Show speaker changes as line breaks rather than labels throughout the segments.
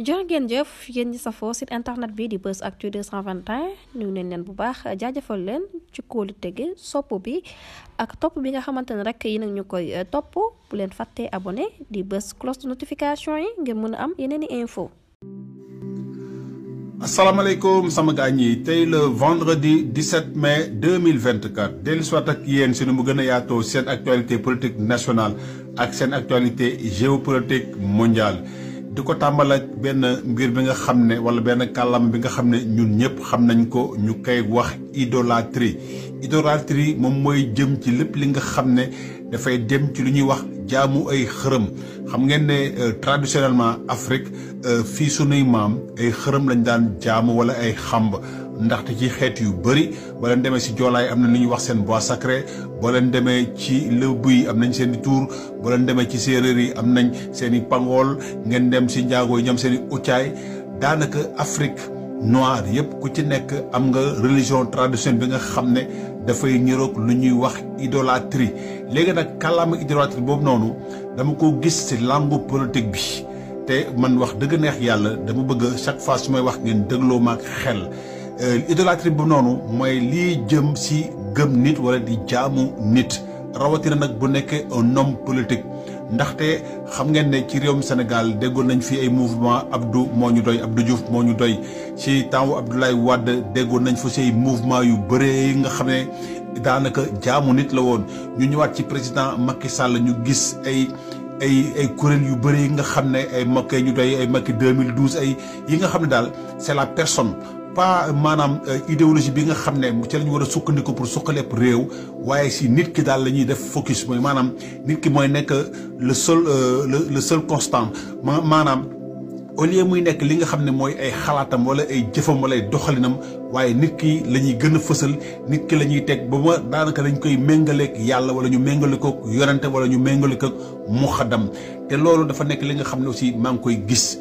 jërë ngeen jëf yéen ñi safoo site internet bi di Buzz Actu 221 ñu neen leen bu baax jaajëfal leen ci kóolu tege sopp bi ak topp bi nga xamante ne rek yi nag ñu koy eh, topp bu leen fàttee abone di bës cloche de notification yi ngir mën a am yeneen info info asalaamaaleykum sama gaañ yi tey le vendredi 17 mai 2024 dellu soit ak yéen si nu mu gën a yaatoo seen actualité politique nationale ak seen actualité géopolitique mondiale di ko tàmbale benn mbir bi nga xam ne wala benn kàllam bi nga xam ne ñun ñëpp xam nañ ko ñu kay wax idolâtrie idolâtrie moom mooy jëm ci lépp li nga xam ne dafay dem ci lu ñuy wax jaamu ay xërëm xam ngeen ne euh, traditionnellement Afrique euh, fii sunuy maam ay xërëm lañ daan jaamu wala ay xàmb ndaxte ci xeet yu bëri boo demee si joolaay am na lu ñuy wax seen bois sacré boo leen demee ci lëbu yi am nañ seen i tuur boo leen demee ci séeréer yi am nañ seen i pangool ngeen dem si njaago yi ñoom seen i uccaay daanaka Afrique noire yëpp ku ci nekk am nga religion traditionnelle bi nga xam ne dafay ñëroog lu ñuy wax idolâtrie léegi nag kàllaama idolâtrie boobu noonu dama ko gis ci langue politique bi te man wax dëgg neex yàlla dama bëgg chaque fois su may wax ngeen dégloo ma xel Euh, idolâtrie bu noonu mooy lii jëm si gëm nit wala di jaamu nit rawatina nag bu nekkee un homme politique ndaxte xam ngeen ne ci réewum senegal déggoon nañ fi ay mouvement Abdou moo ñu doy Abdou Diouf moo ñu doy ci temps Abdoulaye wadd déggoon nañu fa say mouvement yu bëree nga xam ne daanaka jaamu nit la woon ñu ñëwaat ci président Macky Sall ñu gis ay ay ay kuréel yu bëri yi nga xam ne ay Macky ñu doy ay Macky 2012 ay yi nga xam ne daal c'est la personne pas euh, maanaam euh, idéologie bi nga xam ne ci la ñu war a sukkandiku pour suqaleeb réew waaye si nit ki daal lañuy ñuy def focus mooy maanaam nit ki mooy nekk le seul euh, le seul constant ma maanaam au lieu muy nekk li nga xam ne mooy ay xalaatam wala ay jëfam wala ay doxalinam waaye nit ki la ñuy gën fësal nit ki la ñuy teg ba ma daanaka dañ koy méngaleeg yàlla wala ñu méngale koog yonente wala ñu méngale koog muxadam te loolu dafa nekk li nga xam ne aussi maa ngi koy gis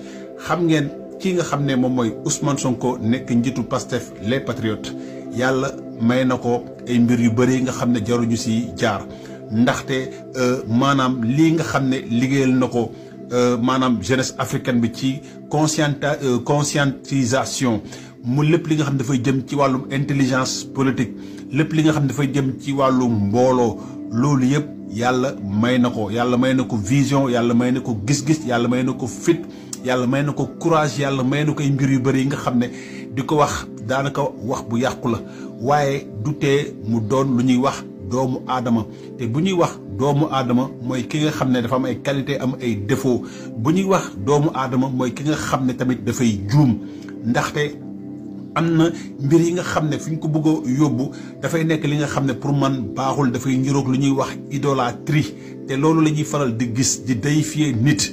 xam ngeen. kii nga xam ne moom mooy Ousmane ko nekk njiitu Pastef les Patriotes yàlla may na ko ay mbir yu bëri nga xam ne jaruñu si jaar ndaxte euh, maanaam lii nga xam ne liggéeyal na ko euh, maanaam jeunesse africaine bi ci conscienta euh, conscientisation mu lépp li nga xam ne dafay jëm ci wàllum intelligence politique lépp li nga xam ne dafay jëm ci wàllum mbooloo loolu yëpp yàlla may na ko yàlla may na ko vision yàlla may na ko gis-gis yàlla may na ko fit yàlla may na ko courage yàlla may na koy mbir yu bëri yi nga xam ne di ko wax daanaka wax bu yàqu la waaye du tee mu doon lu ñuy wax doomu aadama te bu ñuy wax doomu aadama mooy ki nga xam ne dafa am ay qualité am ay défaut bu ñuy wax doomu aadama mooy ki xam ne tamit dafay juum ndaxte am na mbir yi nga xam ne fi ñu ko bëgg yóbbu dafay nekk li nga xam ne pour man baaxul dafay njuróog lu ñuy wax idolâtrie te loolu la ñuy faral di gis di déifier nit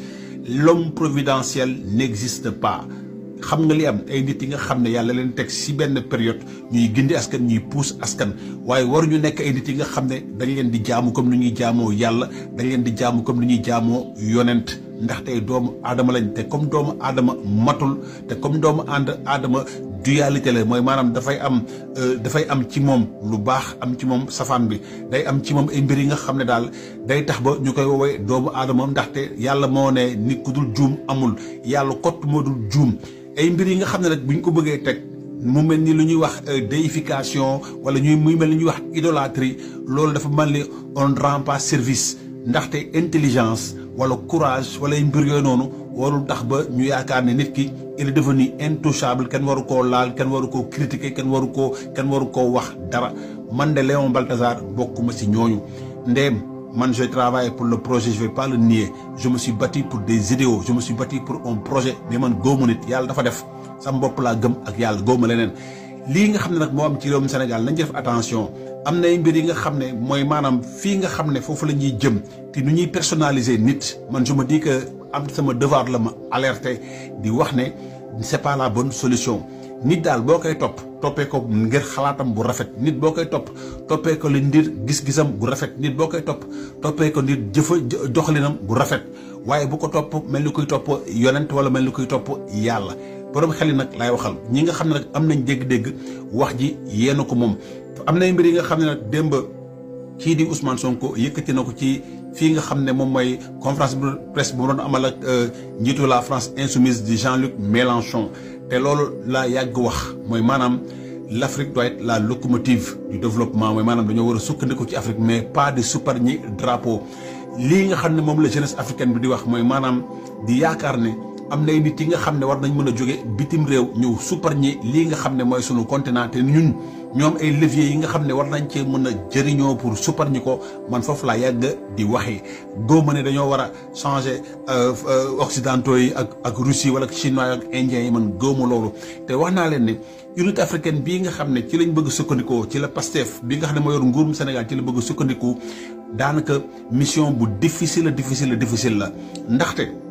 lom providentiel n'existe pas xam nga li am ay nit yi nga xam ne yàlla leen teg si benn période ñuy gindi askan ñuy puus askan waaye waru ñu nekk ay nit yi nga xam ne dañ leen di jaamu comme ni ñuy jaamoo yàlla dañ leen di jaamu comme ni ñuy jaamoo yonent ndaxte tey doomu aadama lañ te comme doomu aadama matul te comme doomu ànd aadama dualité la mooy maanaam dafay am euh, dafay am ci moom lu baax am ci moom safaan bi day am ci moom ay mbir yi nga xam ne daal day tax ba ñu koy woowee doomu aadama ndaxte yàlla moo ne nit ku dul juum amul yàlla kott moo dul juum ay mbir yi nga xam ne rek bu ñu ko bëggee teg mu mel ni lu ñuy wax euh, déification wala ñuy muy mel ni ñuy wax idolâtrie loolu dafa mel ni on rend service ndaxte intelligence wala courage wala mbir yooyu noonu warul tax ba ñu yaakaar ne nit ki il est devenu intouchable kenn waru koo laal kenn waru koo critiquer kenn waru koo kenn waru koo wax dara man de Léon Balthazar bokkuma ci ñooñu ndéem man je travaille pour le projet je pas le nier je me suis battu pour des idéaux je me suis bati pour un projet mais man góomu nit yàlla dafa def sam mbopp laa gëm ak yàlla góoma leneen lii nga xam ne nag moo am ci réewum Sénégal nañ def attention am nay mbir yi nga xam ne mooy maanaam fii nga xam ne foofu la ñuy jëm te nu ñuy personnaliser nit man je me dis que am sama devoir la ma alerte di wax ne c'est pas la bonne solution nit daal boo koy topp toppee ko ngir xalaatam bu rafet nit boo koy topp toppee ko li gis-gisam bu rafet nit boo koy topp toppee ko ndir jëfa doxalinam bu rafet waaye bu ko topp mel ni kuy topp yonent wala mel ni kuy topp yàlla borom xel yi nag laay waxal ñi nga xam ne nag am nañ dégg-dégg wax ji yéen ko moom am nay mbir yi nga xam ne nag démb kii di Ousmane Sonko yëkkati na ko ci fii nga xam ne moom mooy conférence de presse bu mu doon amal ak euh, njiitu la France insoumise di Jean-Luc Mélenchon te loolu laa yàgg wax mooy maanaam l'Afrique doit être la locomotive du développement mooy maanaam dañoo war a sukkandiku ci Afrique mais pas de soupargner drapeau lii nga xam ne moom la jeunesse africaine bi di wax mooy maanaam di yaakaar ne am nay nit yi nga xam ne war nañ mën a jóge bitim réew ñëw supparñi lii nga xam ne mooy sunu continent te ñun ñoom ay levier yi nga xam ne war nañ cee mën a jëriñoo pour supparñi ko man foofu laa yàgg di waxee góoma ne dañoo war a changer euh, euh, occidentaux yi ak ak Russie wala chinois ak indiens yi man góoma loolu te wax naa leen ne unité africaine bii nga xam ne ci lañ bëgg sukkandikoo ci la Pastef bi nga xam ne moo yor nguurum Sénégal ci la bëgg sukkandiku daanaka mission bu difficile difficile difficile la ndaxte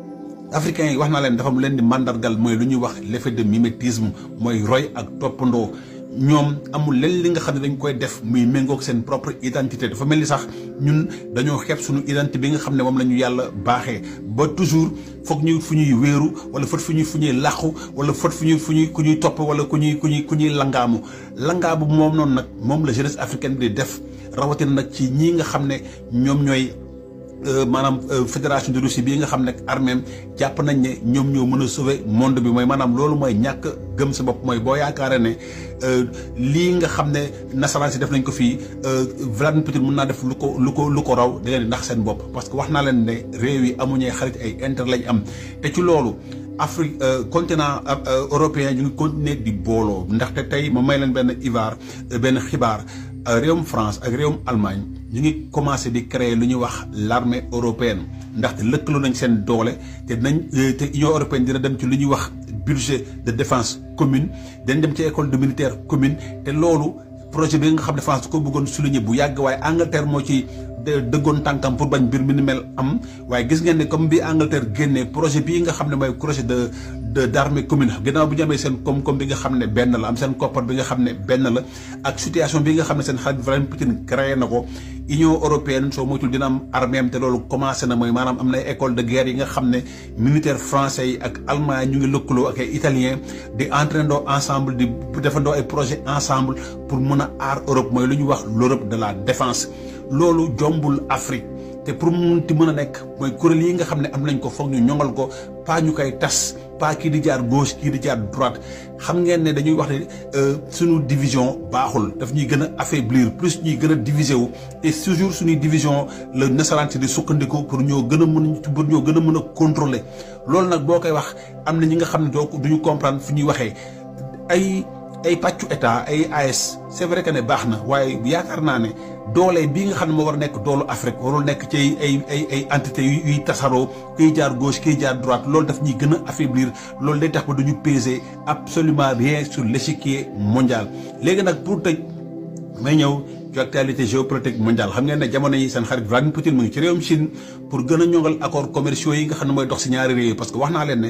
africains yi wax naa leen dafa mu leen di mandargal mooy lu ñuy wax l'effet de mimétisme mooy roy ak toppandoo ñoom amul leen li nga xam ne dañ koy def muy méngoog seen propre identité dafa mel ni sax ñun dañoo xeeb suñu identité bi nga xam ne moom la ñu yàlla baaxee ba toujours foog ñu fu ñuy wéeru wala fët fu ñuy fu ñuy làqu wala fët fu ñuy fu ñuy ku ñuy topp wala ku ñuy ku ñuy ku ñuy langaamu langaamu moom noonu nag moom la jeunesse africain bi di def rawatin nag ci ñi nga xam ne ñoom ñooy Euh, maanaam euh, fédération de Russie bii nga xam ne arméem jàpp nañ ne ñoom ñoo mën a sauver monde bi mooy maanaam loolu mooy ñàkk gëm sa bopp mooy boo yaakaaree ne euh, lii nga xam ne nasaraan si def nañ ko fii Vladimir Poutine mun naa def lu ko lu ko lu ko raw da leen di seen bopp. parce que wax naa leen ne réew yi amuñu xarit ay intérêt lañ am te ci loolu. Afrique continent européen ñu ngi continuer di booloo ndaxte tey ma may leen benn ivaar benn xibaar réewum France ak réewum Allemagne ñu ngi commencé di créer lu ñuy wax l'armée européenne ndaxte lëkkaloo nañ seen doole te dinañ euh, te Union européenne dina dem ci lu ñuy wax budget de defence commune dañ dem ci école de militaire commune te loolu projet bi nga xam ne France ko bëggoon souligner bu yàgg waaye Angleterre moo ci Angleterre dëggoon tànkam pour bañ mbir mi ni mel am waaye gis ngeen ne comme bi Angleterre génnee projet bii nga xam ne mooy projet de de d'armée commune ginnaaw bi ñu amee seen koom-koom bi nga xam ne benn la am seen koppar bi nga xam ne benn ak situation bi nga xam ne seen xarit Vladimir Poutine créé na ko Union européenne soo moytul dina am armée am te loolu commencé na mooy maanaam am na école de guerre yi nga xam ne militaire français ak allemand ñu ngi lëkkaloo ak ay italien di entraîner ensemble di defandoo ay projet ensemble pour mën a aar Europe mooy lu ñu wax l'Europe de la défense loolu jombul Afrique te pour mu ti mën a nekk mooy kuréel yi nga xam ne am nañ ko foog ñu ñoŋal ko pas ñu koy tas pas kii di jaar gauche kii di jaar droite xam ngeen ne dañuy wax ne euh, suñu division baaxul daf ñuy gën a affaiblir plus ñuy gën a diviser wu te toujours suñuy division la nasaraan si di sukkandiku pour ñoo gën a mën pour ñoo gën a mën a contrôler loolu nag boo koy wax am na ñi nga xam ne doo duñu comprendre fu ñuy waxee ay ay pàccu état ay AS c'est vrai que ne baax na waaye yaakaar naa ne doolee bi nga xam ne moo war a nekk doolu Afrique warul nekk ci ay ay ay entité yuy tasaroo kuy jaar gauche kii jaar droite loolu daf ñuy gën a affaiblir loolu day tax ba duñu peser absolument rien sur l'échiquier mondial léegi nag pour tëj may ñëw ci actualité géopolitique mondiale xam ne jamono yi seen xarit Vladimir Poutine mu ngi ci réewum Chine pour gën mooy dox si ñaari réew parce que wax naa leen ne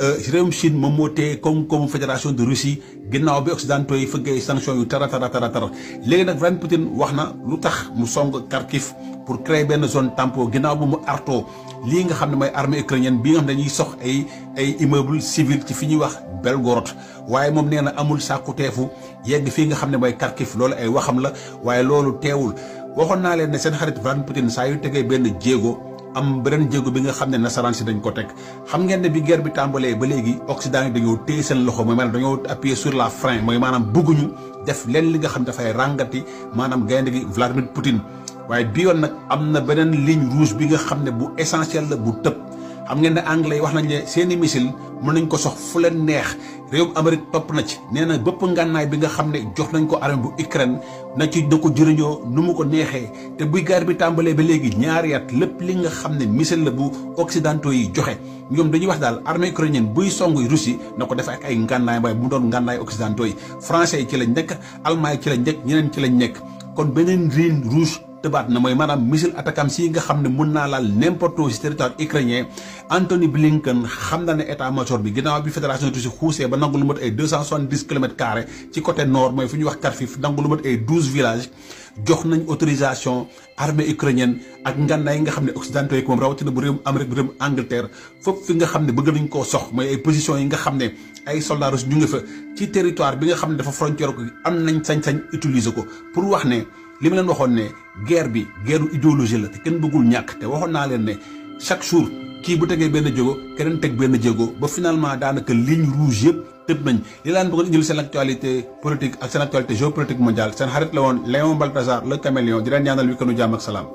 euh, réewum Chine moom moo tee comme comme fédération de Russie ginnaaw bi occidentaux yi fëggee sanctions yu tara tara tara tara léegi nag Vladimir Poutine wax na lu tax mu song Kharkiv pour créer benn zone tampon ginnaaw bu mu artoo lii nga xam ne mooy armée ukrainienne bi nga xam ne dañuy sox ay ay immeuble civil ci fi ñuy wax Belgorod waaye moom nee na amul sàkkuteefu yegg fii nga xam ne mooy Kharkiv loolu ay waxam la waaye loolu teewul waxoon naa leen ne seen xarit Vladimir Poutine saa yu tegee benn jéego am beneen jéego bi nga xam ne nasaraan si dañ ko teg xam ngeen ne bi guerre bi tàmbalee ba léegi Occident yi dañoo téye seen loxo mooy maanaam dañoo appuyer sur la frein mooy maanaam bëgguñu def leen li nga xam dafay ràngati maanaam gaynde gi Vladimir Poutine waaye bi yoon nag am na beneen ligne rouge bi nga xam ne bu essentiel la bu tëb xam ngeen ne anglais wax nañ ne seeni missile mën nañ ko sox fu leen neex réewum Amérique topp na ci nee na bépp ngànnaay bi nga xam ne jox nañ ko armée bu Ukraine na ci na ko jëriñoo nu mu ko neexee te buy guerre bi tàmbalee ba léegi ñaari at lépp li nga xam ne missile la bu occidentaux yi joxe ñoom dañuy wax daal armée ukrainienne buy songu Russie na ko def ak ay ngànnaay waaye mu doon ngànnaay occidentaux yi français yi ci lañ nekk allemand yi ci lañ nekk ñeneen ci lañ nekk kon beneen ligne tëbaat na mooy maanaam missile attaquant si nga xam ne mun naa laal n'importe où si territoire ukrainien Anthony Blinken xam na ne état major bi ginnaaw bi fédération ba nangu lu mat ay deux cent soixante dix kilomètres carrés ci côté nord mooy fu ñuy ak ngànnaay yi nga xam ne occidentaux yi moom rawatina bu réewum Amérique bu réewum Angleterre fi nga xam ne bëgg nañ koo sox mooy ay yi nga xam ne ay soldats russes ñu bi nga xam ne dafa frontière ko am nañ sañ-sañ utiliser ko pour wax ne li ma leen waxoon ne guerre bi guerre idéologie la te kenn bëggul ñàkk te waxoon naa leen ne chaque jour kii bu tegee benn jéego keneen teg benn jéego ba finalement daanaka ligne rouge yëpp tëb nañ li laan bëggoon indil seen actualité politique ak seen actualité géopolitique mondiale seen xarit la woon Léon Balthazar le caméléon di leen ñaanal wi kanu jàmm ak salaam